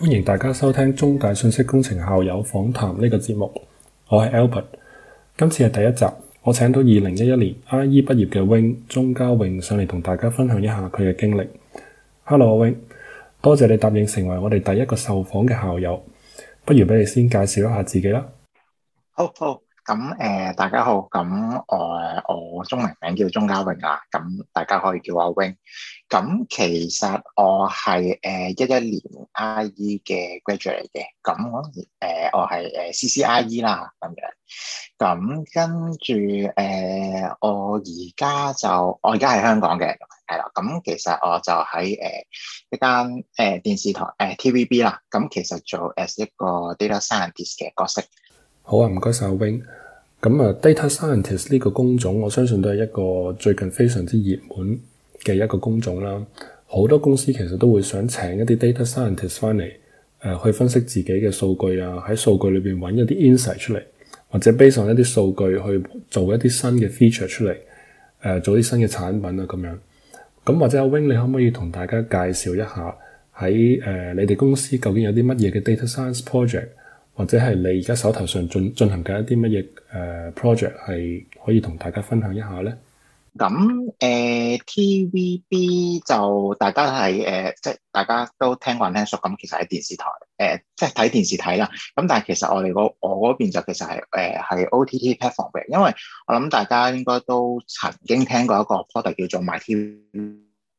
歡迎大家收聽中大信息工程校友訪談呢個節目，我係 Albert，今次係第一集，我請到二零一一年 IE 畢業嘅 Wing 鍾家穎上嚟同大家分享一下佢嘅經歷。Hello，阿 Wing，多謝你答應成為我哋第一個受訪嘅校友，不如俾你先介紹一下自己啦。好好。咁誒、呃，大家好。咁誒，我中文名叫鍾家穎啊。咁大家可以叫阿 Wing。咁其實我係誒一一年 IE 嘅 graduate 嘅。咁、呃、我我係誒 CCIE 啦咁樣。咁跟住誒、呃，我而家就我而家喺香港嘅係啦。咁其實我就喺誒、呃、一間誒、呃、電視台誒、呃、TVB 啦。咁其實做 as 一個 data scientist 嘅角色。好啊，唔該晒，阿 wing。咁啊，data scientist 呢個工種，我相信都係一個最近非常之熱門嘅一個工種啦。好多公司其實都會想請一啲 data scientist 翻嚟，誒、呃、去分析自己嘅數據啊，喺數據裏邊揾一啲 insight 出嚟，或者 base 上一啲數據去做一啲新嘅 feature 出嚟，誒、呃、做啲新嘅產品啊咁樣。咁或者阿 wing，你可唔可以同大家介紹一下喺誒、呃、你哋公司究竟有啲乜嘢嘅 data science project？或者係你而家手頭上進進行緊一啲乜嘢誒 project 係可以同大家分享一下咧？咁誒 TVB 就大家係誒、呃、即係大家都聽慣聽熟咁，其實喺電視台誒、呃、即係睇電視睇啦。咁但係其實我哋我嗰邊就其實係誒係 OTT platform 嘅，因為我諗大家應該都曾經聽過一個 project 叫做 My TV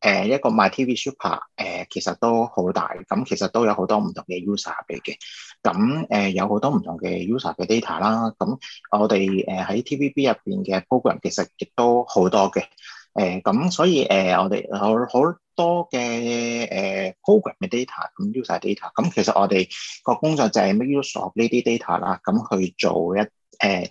誒，一個 my TV Super，誒，其實都好大，咁其實都有好多唔同嘅 user 嚟嘅，咁誒有好多唔同嘅 user 嘅 data 啦，咁我哋誒喺 TVB 入邊嘅 program 其實亦都好多嘅，誒咁所以誒我哋有好多嘅誒 program 嘅 data，咁 user data，咁其實我哋個工作就係 make use of 呢啲 data 啦，咁去做一誒。呃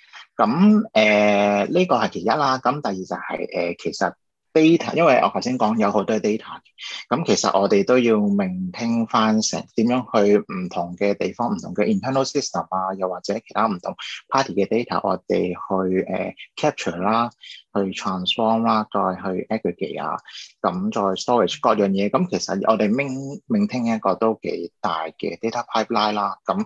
咁誒呢個係其一啦，咁第二就係、是、誒、呃、其實 data，因為我頭先講有好多 data 嘅，咁其實我哋都要 maintain 返成點樣去唔同嘅地方、唔同嘅 internal system 啊，又或者其他唔同 party 嘅 data，我哋去誒 capture 啦，去 transform 啦，再去 aggregate 啊，咁再 storage 各樣嘢，咁其實我哋 maintain 一個都幾大嘅 data pipeline 啦，咁。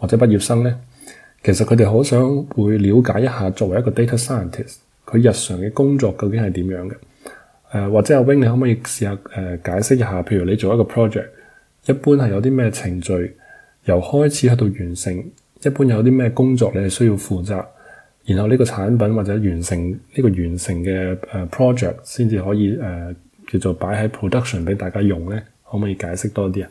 或者畢業生呢，其實佢哋好想會了解一下作為一個 Data Scientist，佢日常嘅工作究竟係點樣嘅？誒、呃、或者阿 Wing，你可唔可以試下誒解釋一下？譬如你做一個 project，一般係有啲咩程序由開始去到完成，一般有啲咩工作你係需要負責？然後呢個產品或者完成呢、這個完成嘅誒、呃、project 先至可以誒、呃、叫做擺喺 production 俾大家用呢？可唔可以解釋多啲啊？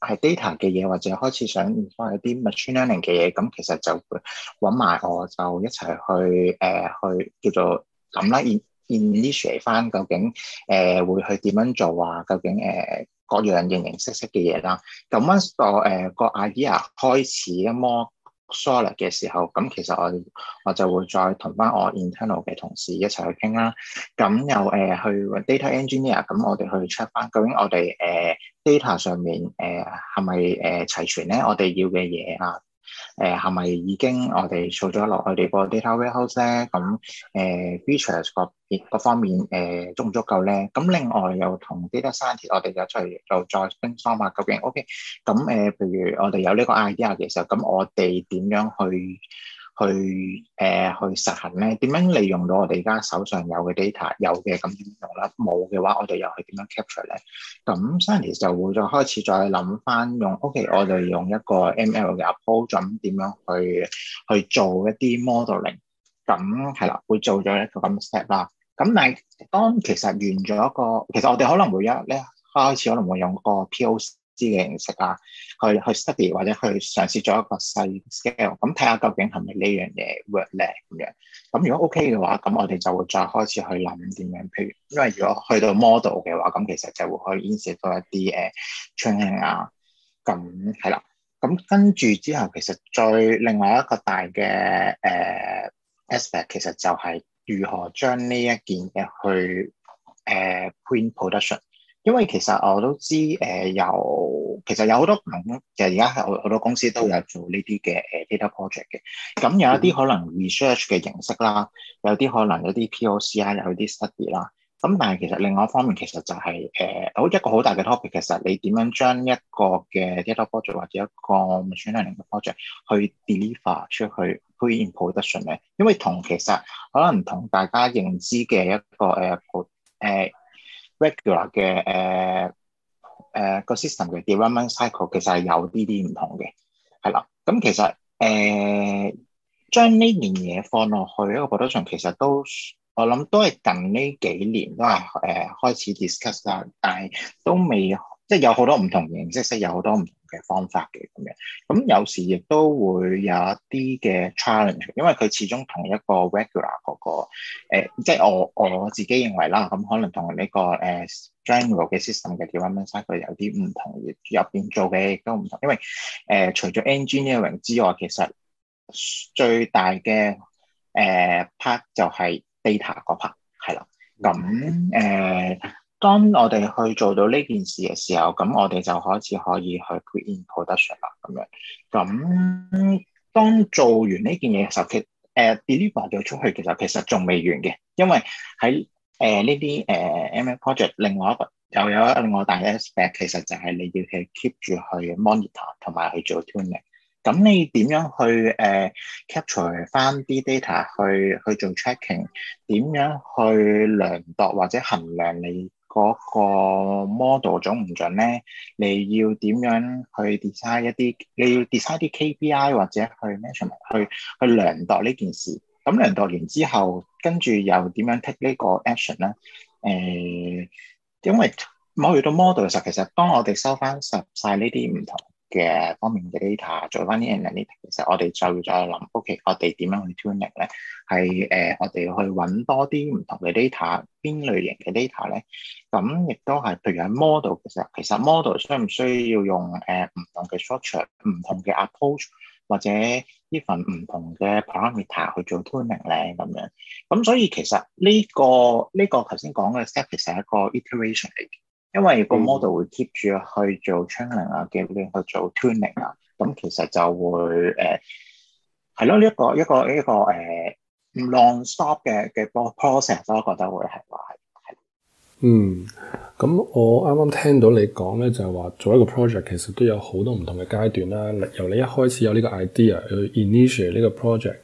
係 data 嘅嘢，或者開始想研究一啲 machine learning 嘅嘢，咁、嗯、其實就揾埋我就一齊去誒、呃、去叫做咁啦，initiate 翻究竟誒、呃、會去點樣做啊？究竟誒、呃、各樣形形色色嘅嘢啦，咁 once、呃那個 idea 開始咁咯。s o r i 嘅時候，咁其實我哋，我就會再同翻我 internal 嘅同事一齊去傾啦。咁、嗯、又誒去 data engineer，咁我哋去 check 翻究竟我哋誒、呃、data 上面誒係咪誒齊全咧？我哋要嘅嘢啊。誒，係咪、呃、已經我哋做咗落我哋個 data warehouse 咧？咁誒，features 各邊各方面誒、呃，足唔足夠咧？咁另外又同 data science 我哋就出嚟做再分方法，究竟 OK 咁誒，譬如我哋有呢個 idea 嘅時候，咁我哋點樣去？去誒、呃、去實行咧，點樣利用到我哋而家手上有嘅 data，有嘅咁點用啦？冇嘅話，我哋又係點樣 capture 咧？咁 scientist 就會再開始再諗翻，用 OK，我就用一個 ML 嘅 approach 點樣去去做一啲 modeling。咁係啦，會做咗一個咁嘅 step 啦。咁但係當其實完咗一個，其實我哋可能會一咧、啊、開始可能會用個 POC 知嘅形式啊，去去 study 或者去嘗試做一個細 scale，咁睇下究竟係咪呢樣嘢 work 咧咁樣。咁如果 OK 嘅話，咁我哋就會再開始去諗點樣。譬如，因為如果去到 model 嘅話，咁其實就會可以 insert 多一啲誒 training 啊。咁係啦，咁跟住之後，其實最另外一個大嘅誒、呃、aspect，其實就係如何將呢一件嘢去誒、呃、print production。因為其實我都知，誒、呃、有其實有好多公，其實而家係好多公司都有做呢啲嘅誒 data project 嘅。咁有一啲可能 research 嘅形式啦，有啲可能有啲 POC 啦，有啲 study 啦。咁但係其實另外一方面，其實就係誒好一個好大嘅 topic。其實你點樣將一個嘅 data project 或者一個 machine learning 嘅 project 去 deliver 出去，去 implement 得順利？因為同其實可能同大家認知嘅一個誒誒。呃呃 regular 嘅誒誒個 system 嘅 development cycle 其實係有啲啲唔同嘅，係啦。咁其實誒將呢件嘢放落去一個 production 上，其實都我諗都係近呢幾年都係誒、uh, 開始 discuss 啦，但係都未即係有好多唔同形式，即係有好多唔。方法嘅咁樣，咁有時亦都會有一啲嘅 challenge，因為佢始終同一個 regular 嗰、那個、呃、即係我我自己認為啦，咁、嗯、可能同呢、這個誒 general 嘅 system 嘅 development 佢有啲唔同，入入邊做嘅亦都唔同，因為誒、呃、除咗 engineering 之外，其實最大嘅誒 part 就係 data 嗰 part 係啦，咁誒。呃當我哋去做到呢件事嘅時候，咁我哋就開始可以去 put in production 啦，咁樣。咁當做完呢件嘢嘅時候，其誒 deliver 咗出去，其實其實仲未完嘅，因為喺誒呢啲誒 ML project，另外一個又有另外一,一,一,一,一,一,一大 aspect，其實就係你要去 keep 住去 monitor 同埋去做 tuning，咁你點樣去誒 capture、呃、翻啲 data 去去做 tracking，點樣去量度或者衡量你嗰個 model 準唔準咧？你要點樣去 design 一啲？你要 design 啲 KPI 或者去 measurement，去去量度呢件事。咁量度完之後跟住又點樣 take 呢個 action 咧？誒、呃，因為我遇到 model 嘅時候，其實當我哋收翻晒呢啲唔同。嘅方面嘅 data 做翻啲 a n a l y t 我哋就再諗 o k 我哋點樣去 tuning 咧？係誒、呃、我哋去揾多啲唔同嘅 data，邊類型嘅 data 咧？咁亦都係譬如喺 model 嘅時候，其實 model 需唔需要用誒唔、呃、同嘅 structure、唔同嘅 approach 或者呢份唔同嘅 parameter 去做 tuning 咧？咁樣，咁，所以其實呢、這個呢、這個頭先講嘅 step 其實係一個 iteration 嚟嘅。因為個 model 會 keep 住去做 training 啊，嘅嘅去做 training 啊，咁其實就會誒係咯，呢、呃、一個一個一個誒、呃、long stop 嘅嘅 pro process 咯，我覺得會係話係。嗯，咁我啱啱聽到你講咧，就係話做一個 project 其實都有好多唔同嘅階段啦。由你一開始有呢個 idea 去 initiate 呢個 project，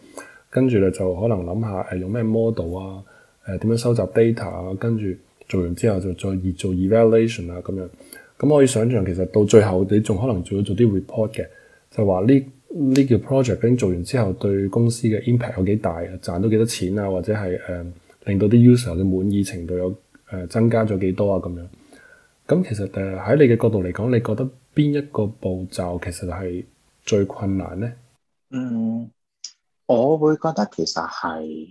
跟住咧就可能諗下誒用咩 model 啊、呃，誒點樣收集 data 啊，跟住。做完之後就再做，做 evaluation 啊，咁樣，咁可以想像，其實到最後你仲可能要做做啲 report 嘅，就話呢呢個 project 已經做完之後對公司嘅 impact 有幾大，賺到幾多錢啊，或者係誒、嗯、令到啲 user 嘅滿意程度有誒、呃、增加咗幾多啊咁樣。咁其實誒喺、呃、你嘅角度嚟講，你覺得邊一個步驟其實係最困難呢？嗯，我會覺得其實係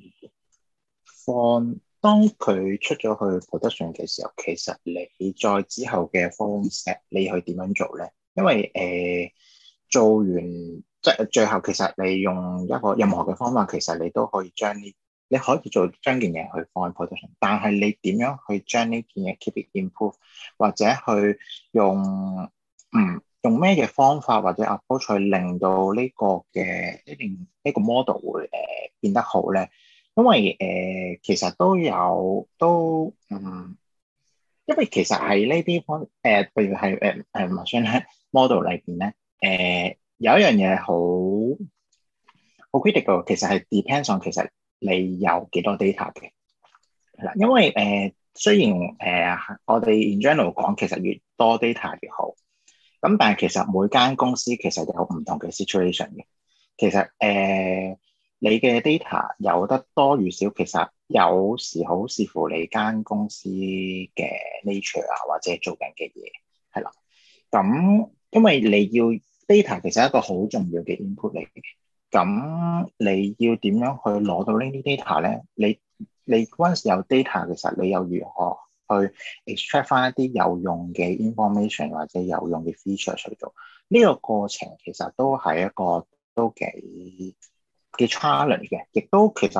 放。當佢出咗去 production 嘅時候，其實你再之後嘅方式，你去點樣做咧？因為誒、呃，做完即係最後，其實你用一個任何嘅方法，其實你都可以將呢，你可以做將件嘢去放喺 production，但係你點樣去將呢件嘢 keep it improve，或者去用嗯用咩嘅方法或者 approach 去令到呢個嘅呢、這個呢個 model 會誒變得好咧？因為誒、呃，其實都有都，嗯，因為其實喺呢啲方誒，譬、呃、如係誒誒，machine model 裏邊咧，誒、呃，有一樣嘢好好 critical，其實係 depends on，其實你有幾多 data 嘅。係啦，因為誒、呃，雖然誒、呃，我哋 in general 講，其實越多 data 越好，咁但係其實每間公司其實有唔同嘅 situation 嘅，其實誒。呃你嘅 data 有得多與少，其實有時好視乎你間公司嘅 nature 啊，或者做緊嘅嘢，係啦。咁因為你要 data，其實係一個好重要嘅 input 嚟嘅。咁你要點樣去攞到呢啲 data 咧？你你陣時有 data，其實你又如何去 extract 翻一啲有用嘅 information 或者有用嘅 feature 去做？呢個過程其實都係一個都幾。嘅 challenge 嘅，亦都其實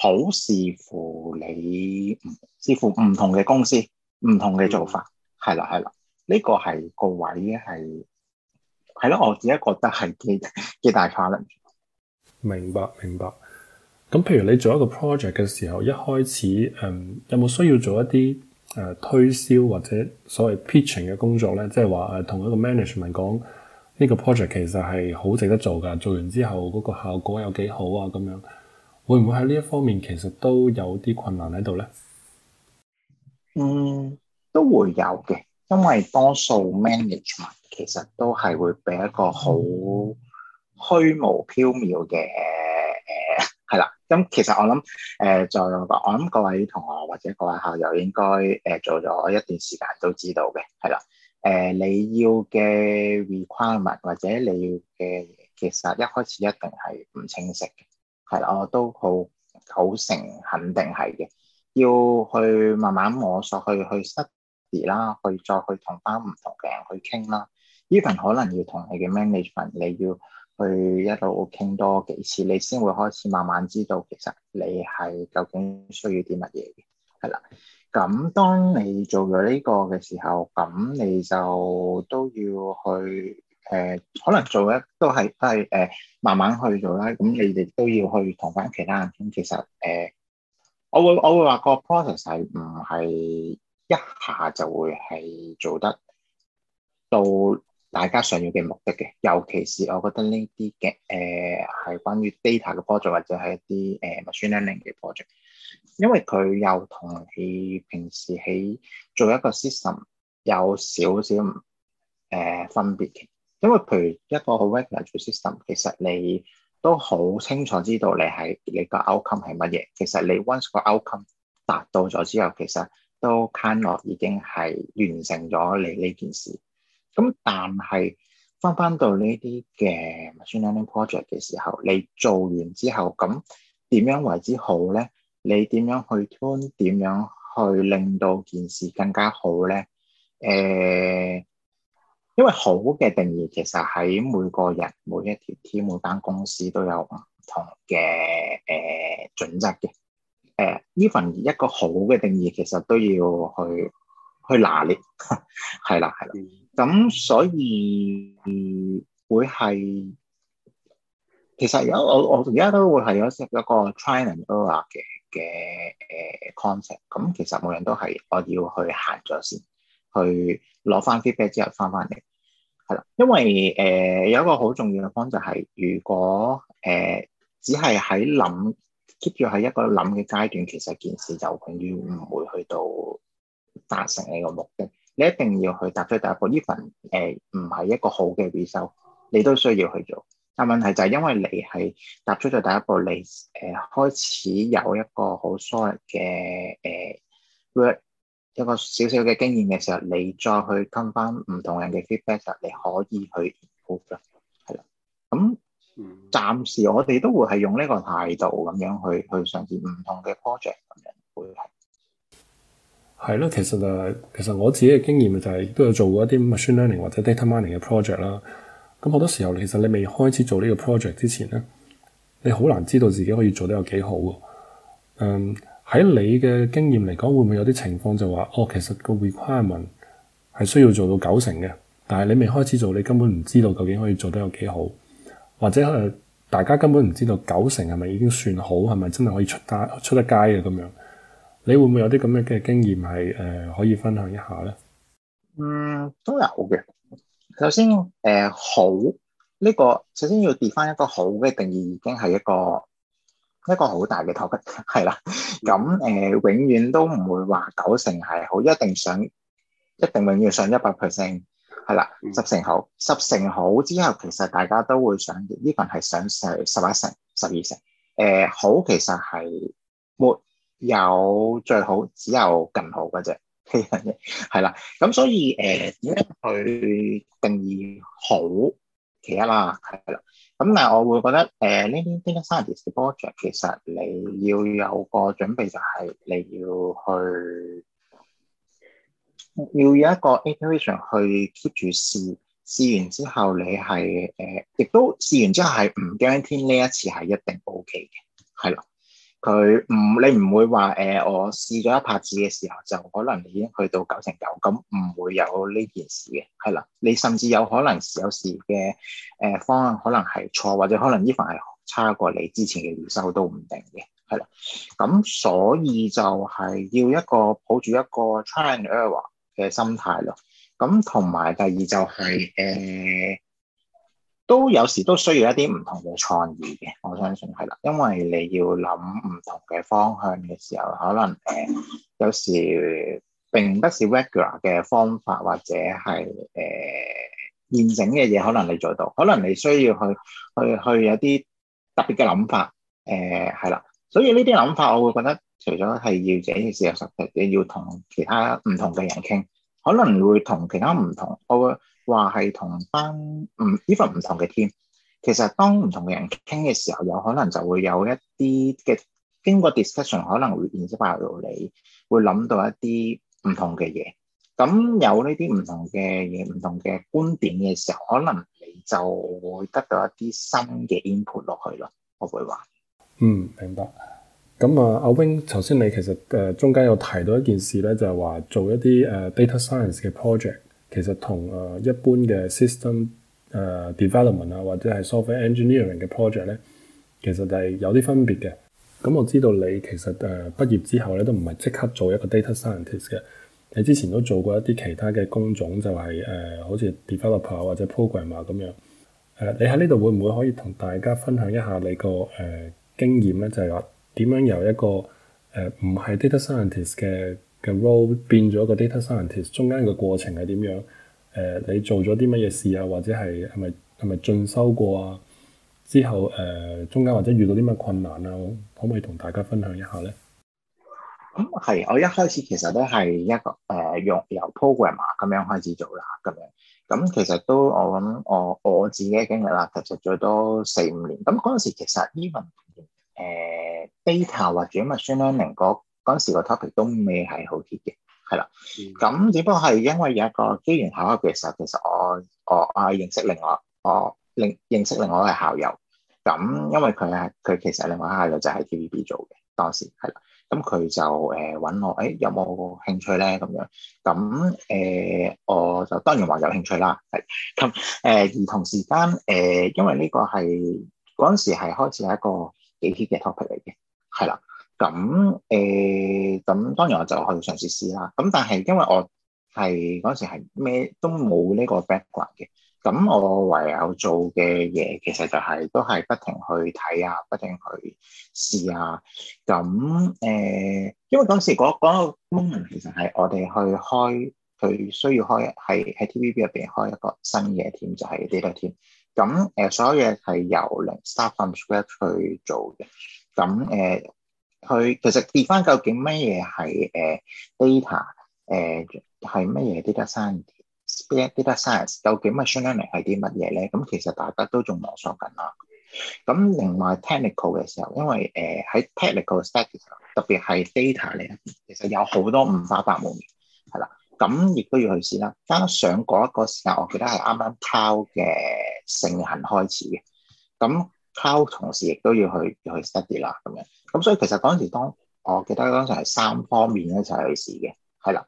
好視乎你視乎唔同嘅公司、唔同嘅做法，係啦係啦，呢個係個位係，係咯，我自己覺得係幾幾大 challenge。明白明白。咁譬如，你做一個 project 嘅時候，一開始嗯有冇需要做一啲誒、呃、推銷或者所謂 pitching 嘅工作咧？即係話誒，同、呃、一個 management 講。呢個 project 其實係好值得做㗎，做完之後嗰個效果有幾好啊？咁樣會唔會喺呢一方面其實都有啲困難喺度咧？嗯，都會有嘅，因為多數 management 其實都係會俾一個好虛無縹緲嘅誒，係啦、嗯。咁、 嗯、其實我諗誒，在、呃、我諗各位同學或者各位校友應該誒、呃、做咗一段時間都知道嘅，係、嗯、啦。誒、呃，你要嘅 requirement 或者你要嘅，其實一開始一定係唔清晰嘅，係啦，我都好九成肯定係嘅，要去慢慢摸索去去 study 啦，去，去，study，去再去同翻唔同嘅人去傾啦，even 可能要同你嘅 management 你要去一路傾多幾次，你先會開始慢慢知道，其實你係究竟需要啲乜嘢嘅，係啦。咁當你做咗呢個嘅時候，咁你就都要去誒、呃，可能做嘅都係都係誒，慢慢去做啦。咁你哋都要去同翻其他人傾。其實誒、呃，我會我會話個 process 係唔係一下就會係做得到大家想要嘅目的嘅，尤其是我覺得呢啲嘅誒係關於 data 嘅 project 或者係一啲誒、呃、machine learning 嘅 project。因為佢又同你平時喺做一個 system 有少少誒、呃、分別嘅，因為譬如一個好 regular 嘅 system，其實你都好清楚知道你係你個 outcome 係乜嘢。其實你 once 個 outcome 達到咗之後，其實都 can 落已經係完成咗你呢件事。咁但係翻翻到呢啲嘅 machine learning project 嘅時候，你做完之後，咁點樣為之好咧？你點樣去 tune？點樣去令到件事更加好咧？誒，因為好嘅定義其實喺每個人、每一條 team、每間公司都有唔同嘅誒準則嘅。誒，Even 一個好嘅定義其實都要去去拿捏，係啦，係啦。咁所以會係其實而家我我而家都會係有一一個 try and error 嘅。嘅誒 concept，咁其實每人都係我要去行咗先，去攞翻啲 e e d b a c k 之後翻返嚟，係啦。因為誒、呃、有一個好重要嘅方就係、是，如果誒、呃、只係喺諗，keep 住喺一個諗嘅階段，其實件事就永遠唔會去到達成你個目的。你一定要去踏出第一步。呢份誒唔係一個好嘅 r e s u l t，你都需要去做。但問題就係因為你係踏出咗第一步，你誒、呃、開始有一個好 short 嘅誒 work，呃、一個少少嘅經驗嘅時候，你再去跟翻唔同人嘅 feedback，你可以去 improve 啦，係啦。咁暫時我哋都會係用呢個態度咁樣去去嘗試唔同嘅 project 咁樣會係。係咯，其實誒、就係，其實我自己嘅經驗就係、是、都有做過一啲 machine learning 或者 data mining 嘅 project 啦。咁好多時候，其實你未開始做呢個 project 之前呢，你好難知道自己可以做得有幾好嘅。嗯，喺你嘅經驗嚟講，會唔會有啲情況就話，哦，其實個 requirement 係需要做到九成嘅，但係你未開始做，你根本唔知道究竟可以做得有幾好，或者誒、呃，大家根本唔知道九成係咪已經算好，係咪真係可以出街出得街嘅咁樣？你會唔會有啲咁樣嘅經驗係誒、呃、可以分享一下呢？嗯，都有嘅。首先，誒、呃、好呢、這個首先要跌翻一個好嘅定義，已經係一個一個好大嘅踏骨。係啦。咁、嗯、誒、 嗯嗯，永遠都唔會話九成係好，一定上，一定永遠上一百 percent，係啦，十成好，十成好之後，其實大家都會想呢份係想上十一成、十二成。誒好，其實係沒有最好，只有更好嗰隻。其實係啦，咁 所以誒，點解佢定義好其一啦，係啦。咁但係我會覺得誒，呢啲呢啲 science project，其實你要有個準備就係你要去，要有一個 intention 去 keep 住試，試完之後你係誒，亦、呃、都試完之後係唔驚天呢一次係一定 OK 嘅，係啦。佢唔，你唔會話，誒、呃，我試咗一拍子嘅時候，就可能已經去到九成九，咁唔會有呢件事嘅，係啦。你甚至有可能時有時嘅，誒、呃，方案可能係錯，或者可能呢份係差過你之前嘅回收都唔定嘅，係啦。咁所以就係要一個抱住一個 try and error 嘅心態咯。咁同埋第二就係、是，誒、呃。都有時都需要一啲唔同嘅創意嘅，我相信係啦，因為你要諗唔同嘅方向嘅時候，可能誒、呃、有時並不是 regular 嘅方法或者係誒、呃、現成嘅嘢可能你做到，可能你需要去去去有啲特別嘅諗法，誒係啦，所以呢啲諗法我會覺得除咗係要自己嘅時候你要同其他唔同嘅人傾，可能會同其他唔同，我會。話係同班，唔呢份唔同嘅 team，其實當唔同嘅人傾嘅時候，有可能就會有一啲嘅經過 discussion，可能會變咗發到你會諗到一啲唔同嘅嘢。咁有呢啲唔同嘅嘢、唔同嘅觀點嘅時候，可能你就會得到一啲新嘅 input 落去咯。我會話，嗯，明白。咁啊，阿 Wing，頭先你其實誒、呃、中間有提到一件事咧，就係、是、話做一啲誒、呃、data science 嘅 project。其實同誒一般嘅 system development 啊，或者係 software engineering 嘅 project 咧，其實係有啲分別嘅。咁、嗯、我知道你其實誒畢、呃、業之後咧，都唔係即刻做一個 data scientist 嘅。你之前都做過一啲其他嘅工種，就係、是、誒、呃、好似 developer 或者 programmer 咁樣。誒、呃，你喺呢度會唔會可以同大家分享一下你個誒、呃、經驗咧？就係話點樣由一個誒唔、呃、係 data scientist 嘅？嘅 role 變咗個 data scientist，中間嘅過程係點樣？誒、呃，你做咗啲乜嘢事啊？或者係係咪係咪進修過啊？之後誒、呃，中間或者遇到啲乜困難啊？可唔可以同大家分享一下咧？咁係、嗯，我一開始其實都係一個誒用、呃、由，由 programmer 咁樣開始做啦，咁樣咁其實都我諗我我自己嘅經歷啦，其實最多四五年。咁嗰陣時其實 even 誒、呃、data 或者 machine learning 個嗰陣時個 topic 都未係好 hit 嘅，係啦，咁、嗯、只不過係因為有一個機緣巧合嘅時候，其實我我我認識另外我另認識另外一位校友，咁因為佢係佢其實另外一個校友就喺 TVB 做嘅，當時係啦，咁佢就誒揾、呃、我，誒、欸、有冇興趣咧？咁樣，咁、呃、誒我就當然話有興趣啦，係咁誒而同時間誒、呃，因為呢個係嗰陣時係開始係一個幾 hit 嘅 topic 嚟嘅，係啦。咁誒，咁、欸、當然我就可以嘗試試啦。咁但係因為我係嗰時係咩都冇呢個 background 嘅，咁我唯有做嘅嘢其實就係、係、都係不停去睇啊，不停去試啊。咁誒、欸，因為嗰時嗰、嗰個 moment 其實係我哋去開，佢需要開係喺 TVB 入邊開一個新嘢添，就係、係、data team。咁、呃、誒，所有嘢係由零 start from scratch 去做嘅。咁誒。呃佢其實跌翻，究竟乜嘢係誒 data 誒係乜嘢 data science, data science，究竟乜嘢 shiny 係啲乜嘢咧？咁其實大家都仲摸索緊啦。咁另外 technical 嘅時候，因為誒喺 technical study 特別係 data 呢其實有好多五花八門，係啦，咁亦都要去試啦。加上嗰一個時候我記得係啱啱 call 嘅盛行開始嘅，咁 call 同時亦都要去要去 study 啦，咁樣。咁所以其實嗰陣時，時，當我記得嗰陣時係三方面一齊去試嘅，係啦。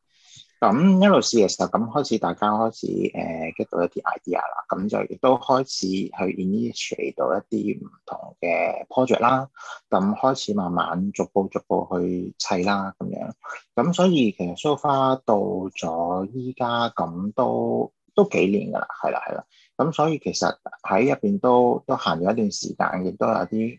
咁一路試嘅時候，咁開始大家開始 get、呃、到一啲 idea 啦，咁就亦都開始去 initiate 到一啲唔同嘅 project 啦。咁開始慢慢逐步逐步去砌啦，咁樣。咁所以其實 so far 到咗依家咁多都幾年㗎啦，係啦係啦。咁所以其實喺入邊都都行咗一段時間，亦都有啲。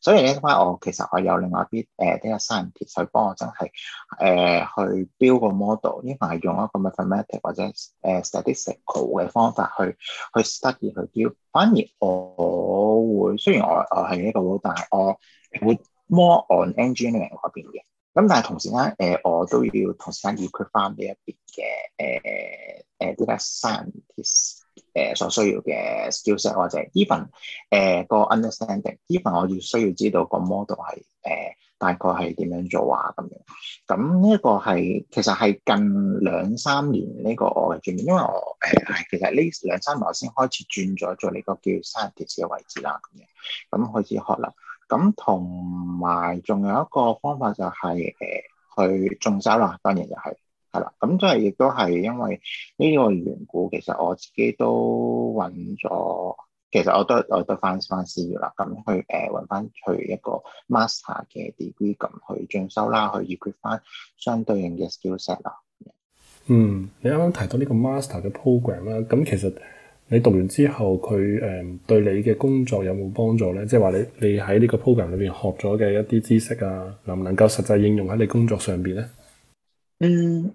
所以咧，我其實我有另外一啲誒啲啊，data scientist 幫我就係誒去標個 model，呢份係用一個 mathematic 或者誒、呃、statistical 嘅方法去去 study 去標。反而我會雖然我我係呢個佬，但係我會 more on engineering 嗰邊嘅。咁、嗯、但係同時間誒、呃，我都要同時間 equip 翻呢一邊嘅誒誒啲啊 data scientist。呃呃誒、呃，所需要嘅 skillset 或者 even 誒、呃、個 understanding，even 我要需要知道個 model 係誒大概係點樣做啊咁樣。咁呢一個係其實係近兩三年呢個我嘅轉變，因為我誒係、呃、其實呢兩三年我先開始轉咗做呢個叫 scientist 嘅位置啦咁樣，咁開始學啦。咁同埋仲有一個方法就係、是、誒、呃、去進修啦，當然又、就、係、是。係啦，咁即係亦都係因為呢個緣故，其實我自己都揾咗，其實我都我都翻翻事業啦，咁去誒揾翻佢一個 master 嘅 degree 咁去進修啦，去解決翻相對應嘅 skill set 啦。嗯，你啱啱提到呢個 master 嘅 program 啦，咁其實你讀完之後，佢誒對你嘅工作有冇幫助咧？即係話你你喺呢個 program 裏邊學咗嘅一啲知識啊，能唔能夠實際應用喺你工作上邊咧？嗯。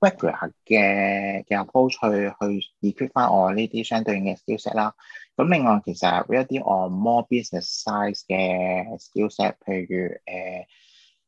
regular 嘅嘅 approach 去去 equip 翻我呢啲相對應嘅 skill set 啦。咁另外其實有一啲我 more business size 嘅 skill set，譬如誒、呃、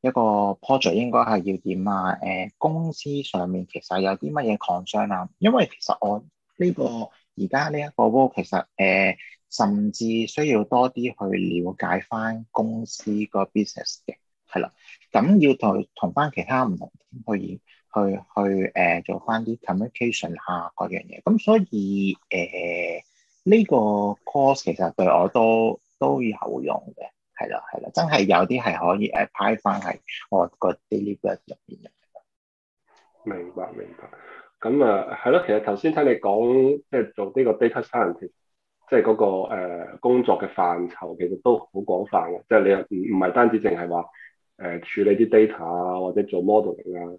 一個 project 應該係要點啊？誒、呃、公司上面其實有啲乜嘢 concern 啊？因為其實我呢、這個而家呢一個 work 其實誒、呃、甚至需要多啲去了解翻公司個 business 嘅係啦。咁要同同翻其他唔同去。去去誒、呃、做翻啲 communication 啊，嗰樣嘢咁，所以誒呢、呃、這個 course 其實對我都都有用嘅，係啦係啦，真係有啲係可以 apply 翻喺我個 daily work 入邊嘅。明白明白，咁啊，係咯，其實頭先聽你講即係做呢個 data scientist、那、即係嗰個、呃、工作嘅範疇其實都好廣泛嘅，即、就、係、是、你唔唔係單止淨係話誒處理啲 data 啊，或者做 modeling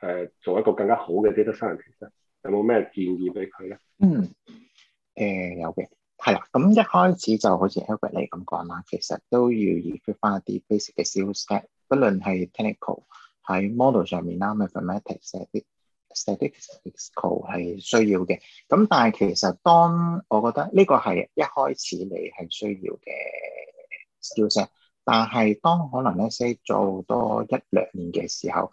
誒做一個更加好嘅 data scientist，其實、嗯呃，有冇咩建議俾佢咧？嗯，誒有嘅，係啦。咁一開始就好似 Albert 你咁講啦，其實都要預備翻一啲 basic 嘅 skill set，不論係 technical 喺 model 上面啦，mathematics 寫啲 statistics c a 係需要嘅。咁但係其實當我覺得呢個係一開始你係需要嘅 skill set 但係當可能咧 say 做多一兩年嘅時候。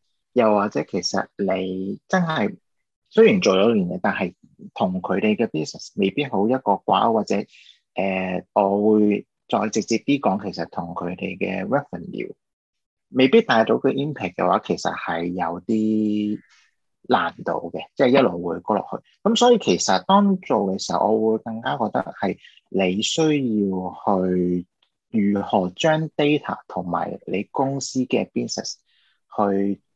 又或者其實你真係雖然做咗年嘢，但係同佢哋嘅 business 未必好一個掛鈎，或者誒、呃，我會再直接啲講，其實同佢哋嘅 revenue 未必帶到個 impact 嘅話，其實係有啲難度嘅，即、就、係、是、一路會過落去。咁所以其實當做嘅時候，我會更加覺得係你需要去如何將 data 同埋你公司嘅 business 去。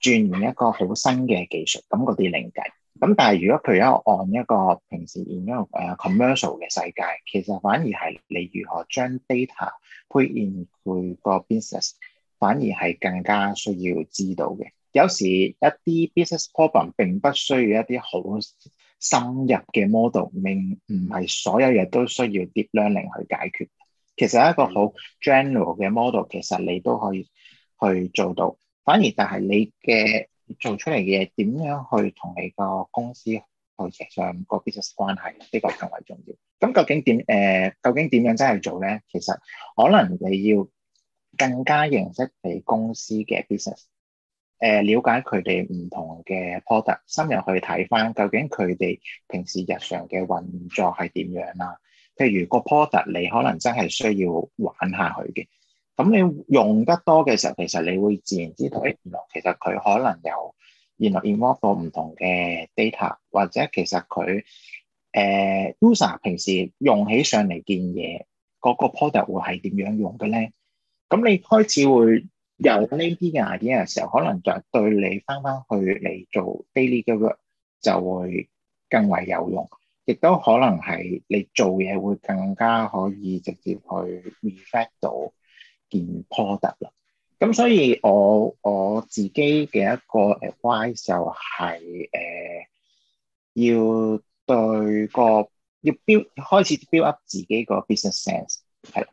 轉換一個好新嘅技術，咁嗰啲靈感。咁但係如果佢一按一個平時演嗰個 commercial 嘅世界，其實反而係你如何將 data 配入佢個 business，反而係更加需要知道嘅。有時一啲 business problem 並不需要一啲好深入嘅 model，明唔係所有嘢都需要 deep learning 去解決。其實一個好 general 嘅 model，其實你都可以去做到。反而就係你嘅做出嚟嘅嘢，點樣去同你個公司去詞上個 business 關係，呢個更為重要。咁究竟點？誒、呃，究竟點樣真係做咧？其實可能你要更加認識你公司嘅 business，誒、呃，瞭解佢哋唔同嘅 product，深入去睇返究竟佢哋平時日常嘅運作係點樣啦。譬如個 product，你可能真係需要玩下佢嘅。咁你用得多嘅時候，其實你會自然知道，哎，原來其實佢可能有原來 involve 到唔同嘅 data，或者其實佢誒 user 平時用起上嚟件嘢嗰個 product 會係點樣用嘅咧？咁你開始會有呢啲嘅 idea 嘅時候，可能就對你翻翻去嚟做 daily 嘅 work 就會更為有用，亦都可能係你做嘢會更加可以直接去 reflect 到。件 product 啦，咁所以我我自己嘅一個誒 advice 就係、是、誒、呃、要對個要 build 開始 build up 自己個 business sense，係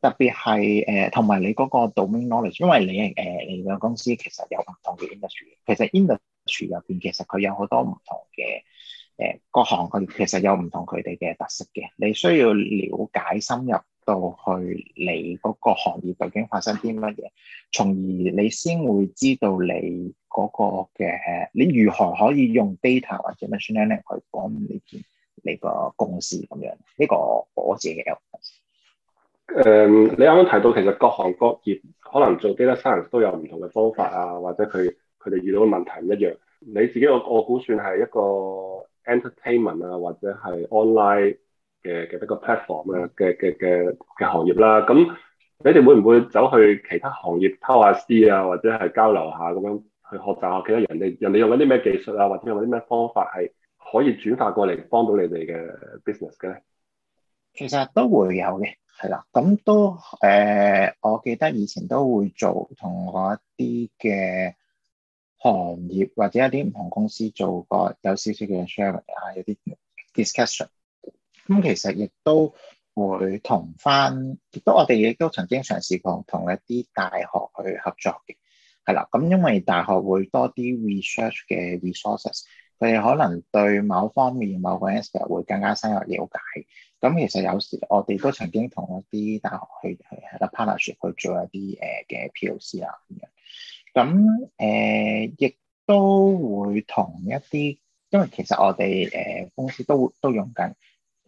特別係誒同埋你個 domain knowledge，因為你誒、呃、你個公司其實有唔同嘅 industry，其實 industry 入邊其實佢有好多唔同嘅誒、呃、各行佢其實有唔同佢哋嘅特色嘅，你需要了解深入。到去你嗰個行業究竟發生啲乜嘢，從而你先會知道你嗰個嘅你如何可以用 data 或者 machine learning 去講呢件你個公司咁樣。呢、這個我自己嘅 e x p 你啱啱提到其實各行各業可能做 data science 都有唔同嘅方法啊，或者佢佢哋遇到嘅問題唔一樣。你自己我我估算係一個 entertainment 啊，或者係 online。嘅嘅一個 platform 啊，嘅嘅嘅嘅行業啦，咁你哋會唔會走去其他行業偷下師啊，或者係交流下咁樣去學習下，其他人哋人哋用緊啲咩技術啊，或者用緊啲咩方法係可以轉化過嚟幫到你哋嘅 business 嘅咧？其實都會有嘅，係啦，咁都誒、呃，我記得以前都會做同我一啲嘅行業或者一啲唔同公司做過有少少嘅 sharing 啊，有啲 discussion。咁其實亦都會同返，亦都我哋亦都曾經嘗試過同一啲大學去合作嘅，係啦。咁因為大學會多啲 research 嘅 resources，佢哋可能對某方面某個 aspect 會更加深入了解。咁其實有時我哋都曾經同一啲大學去去 partnership 去做一啲誒嘅、呃、POC 啊咁樣。咁誒亦都會同一啲，因為其實我哋誒、呃、公司都都用緊，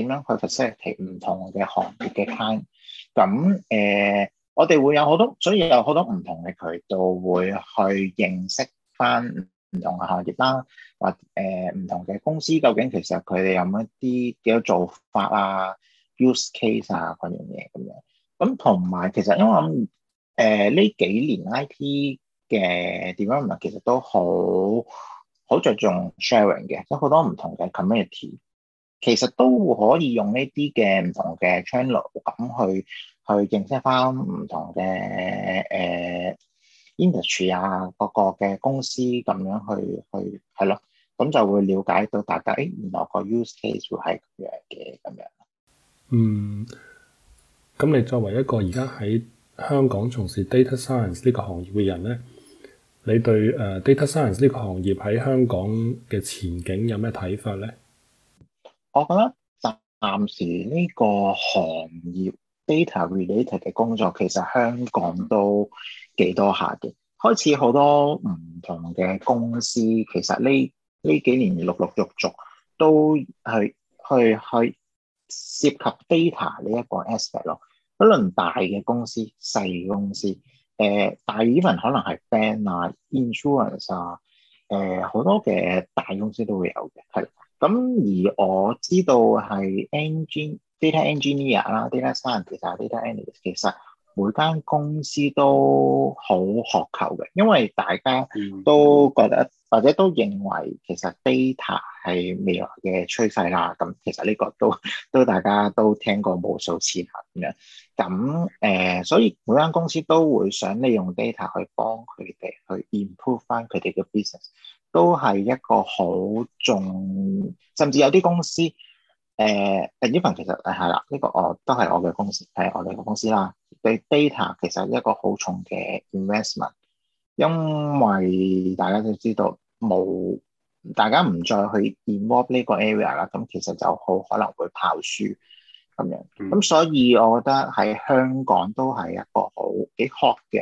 點樣去 facilitate 唔同嘅行業嘅 time？咁誒，我哋會有好多，所以有好多唔同嘅渠道會去認識翻唔同嘅行業啦，或誒唔、呃、同嘅公司，究竟其實佢哋有冇一啲幾多做法啊、use case 啊嗰樣嘢咁樣。咁同埋其實因為咁誒呢幾年 IT 嘅 development 其實都好好着重 sharing 嘅，有好多唔同嘅 community。其實都可以用呢啲嘅唔同嘅 channel 咁去去認識翻唔同嘅誒、呃、industry 啊、各個嘅公司咁樣去去係咯，咁就會了解到大家誒、哎，原來個 use case 會係咁樣嘅咁樣。嗯，咁你作為一個而家喺香港從事 data science 呢個行業嘅人咧，你對誒、uh, data science 呢個行業喺香港嘅前景有咩睇法咧？我覺得暫時呢個行業 data related 嘅工作，其實香港都幾多下嘅。開始好多唔同嘅公司，其實呢呢幾年陸陸續續續都去去去涉及 data 呢一個 aspect 咯。不論大嘅公司、細公司，誒、呃，大 even 可能係 bank 啊、insurance 啊，誒、呃，好多嘅大公司都會有嘅，係。咁而我知道係 n g data engineer 啦、data scientist、data analyst，其實每間公司都好渴求嘅，因為大家都覺得或者都認為其實 data 係未來嘅趨勢啦。咁其實呢個都都大家都聽過無數次啦，咁樣咁誒，所以每間公司都會想利用 data 去幫佢哋去 improve 翻佢哋嘅 business。都係一個好重，甚至有啲公司，even 其實誒係啦，呢個我都係我嘅公司，係、呃啊這個、我哋嘅公，公司啦。對 data 其實一個好重嘅 investment，因為大家都知道冇，大家唔再去 involve 呢個 area 啦，咁其實就好可能會跑輸咁樣。咁、嗯、所以我覺得喺香港都係一個好幾 hot 嘅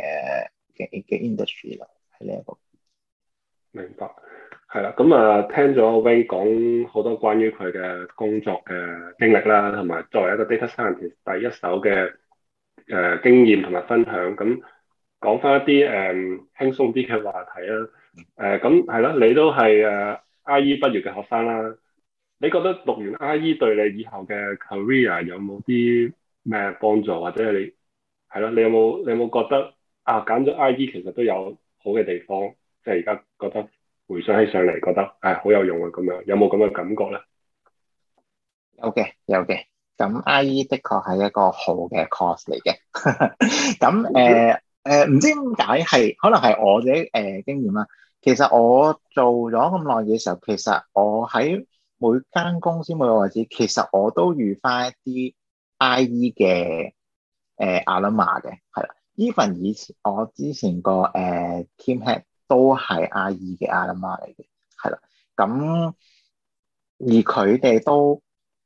嘅嘅 industry 啦，喺呢一個。明白，係啦，咁、嗯、啊，聽咗 Wing 講好多關於佢嘅工作嘅經歷啦，同埋作為一個 data scientist 第一手嘅誒、呃、經驗同埋分享，咁講翻一啲誒輕鬆啲嘅話題啦，誒、呃，咁係啦，你都係誒 IE 畢業嘅學生啦，你覺得讀完 IE 對你以後嘅 career 有冇啲咩幫助？或者你係咯，你有冇你有冇覺得啊揀咗 IE 其實都有好嘅地方？即係而家覺得回想起上嚟，覺得係好有用啊！咁樣有冇咁嘅感覺咧？有嘅，有嘅。咁 IE 的確係一個好嘅 course 嚟嘅。咁誒誒，唔 Okay.、呃呃、知點解係可能係我自己誒經驗啦。其實我做咗咁耐嘅時候，其實我喺每間公司每個位置，其實我都遇翻一啲 IE 嘅誒 Algorithm 嘅係啦。Even、呃、以前我之前個誒 Team Head。呃都係 I.E. 嘅阿媽嚟嘅，係啦。咁、嗯、而佢哋都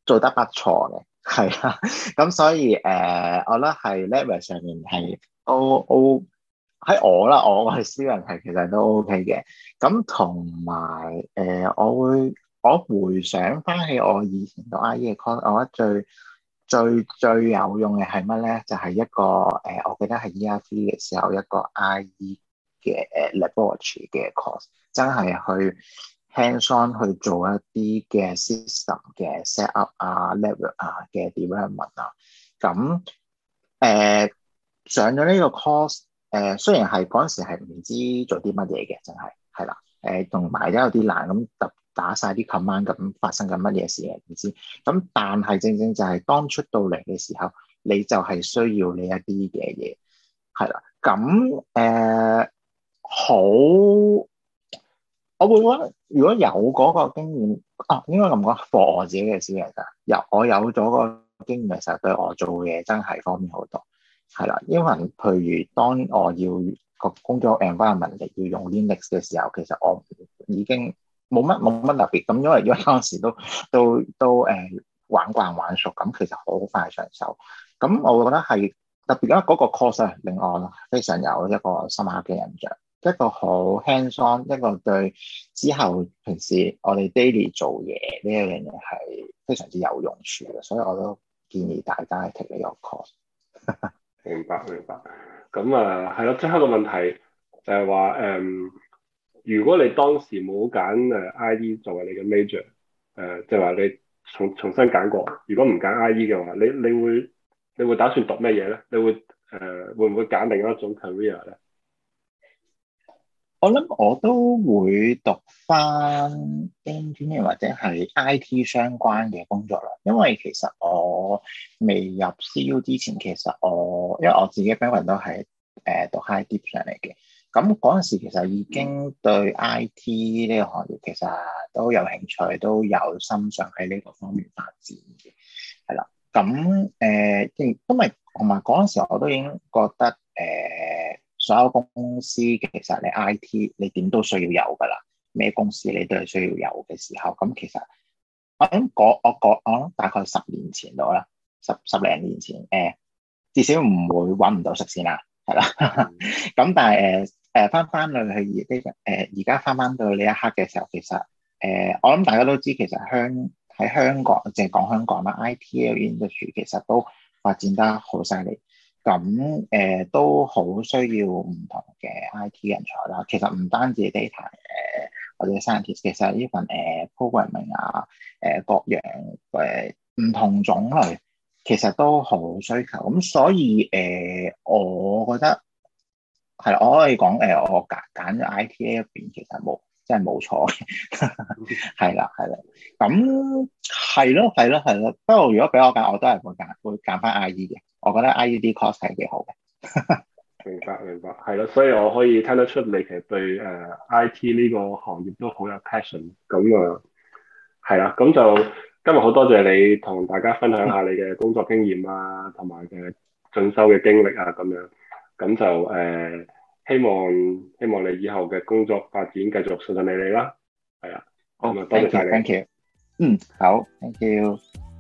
做得不錯嘅，係啦。咁、嗯嗯、所以誒、呃，我覺得係 level 上面係 O.O。喺、哦哦、我啦，我我私人係其實都 O.K. 嘅。咁同埋誒，我會我回想翻起我以前讀 I.E. 嘅。c o n 我覺得最最最有用嘅係乜咧？就係、是、一個誒、呃，我記得係 E.R.C. 嘅時候一個 I.E. 嘅誒、uh, laboratory 嘅 course，真係去 hands on 去做一啲嘅 system 嘅 set up 啊、network 啊嘅 development 啊，咁誒、呃、上咗呢個 course 誒、呃，雖然係嗰陣時係唔知做啲乜嘢嘅，真係係啦，誒同埋都有啲難，咁突打晒啲 command，咁發生緊乜嘢事係唔知，咁但係正正就係當出到嚟嘅時候，你就係需要你一啲嘅嘢，係啦，咁誒。呃好，我會覺得如果有嗰個經驗，啊，應該咁講，for 我自己嘅事嚟嘅。有我有咗個經驗嘅時候，對我做嘢真係方便好多，係啦。因為譬如當我要個工作 environment 要用 Linux 嘅時候，其實我已經冇乜冇乜特別咁，因為因為當時都都都誒玩慣玩熟，咁其實好快上手。咁我會覺得係特別啦，嗰個 course 啊，令我非常有一個深刻嘅印象。一個好輕鬆，一個對之後平時我哋 daily 做嘢呢一樣嘢係非常之有用處嘅，所以我都建議大家係 take 呢個 course。明白明白。咁啊，係咯，最後個問題就係話誒，如果你當時冇揀誒 IE 作為你嘅 major，即、呃、就話、係、你重重新揀過，如果唔揀 IE 嘅話，你你會你會打算讀咩嘢咧？你會誒、呃、會唔會揀另一種 career 咧？我諗我都會讀翻 engineering 或者係 IT 相關嘅工作啦，因為其實我未入 CU 之前，其實我因為我自己 background 都係誒讀 high dip 上嚟嘅，咁嗰陣時其實已經對 IT 呢個行業其實都有興趣，都有心想喺呢個方面發展嘅，係啦。咁誒，因為同埋嗰陣時我都已經覺得誒，呃所有公司其實你 I T 你點都需要有㗎啦，咩公司你都係需要有嘅時候，咁其實我諗我我我諗大概十年前到啦，十十零年前，誒、欸、至少唔會揾唔到食先啦，係啦，咁、嗯、 但係誒誒翻翻嚟去而而家翻翻到呢一刻嘅時候，其實誒、呃、我諗大家都知，其實香喺香港，淨係講香港啦，I T industry 其實都發展得好犀利。咁誒、呃、都好需要唔同嘅 IT 人才啦。其實唔單止 data 誒、呃、或者 scientist，其實呢份誒、呃、programming 啊誒、呃、各樣誒唔、呃、同種類其實都好需求。咁、嗯、所以誒、呃、我覺得係我可以講誒、呃、我揀揀咗 ITA 入邊，其實冇。真係冇錯，係 啦，係啦，咁係咯，係咯，係咯。不過如果俾我揀，我都係會揀會揀翻 I E 嘅，我覺得 I E 啲 course 係幾好嘅。 明白，明白，係咯，所以我可以聽得出你其實對誒 I T 呢個行業都好有 passion。咁啊，係啦，咁就今日好多謝你同大家分享下你嘅工作經驗啊，同埋嘅進修嘅經歷啊，咁樣咁就誒。呃希望希望你以後嘅工作發展繼續順順利利啦，係啦，咁啊、oh, 多謝晒你，thank you，嗯好，thank you。Mm, oh,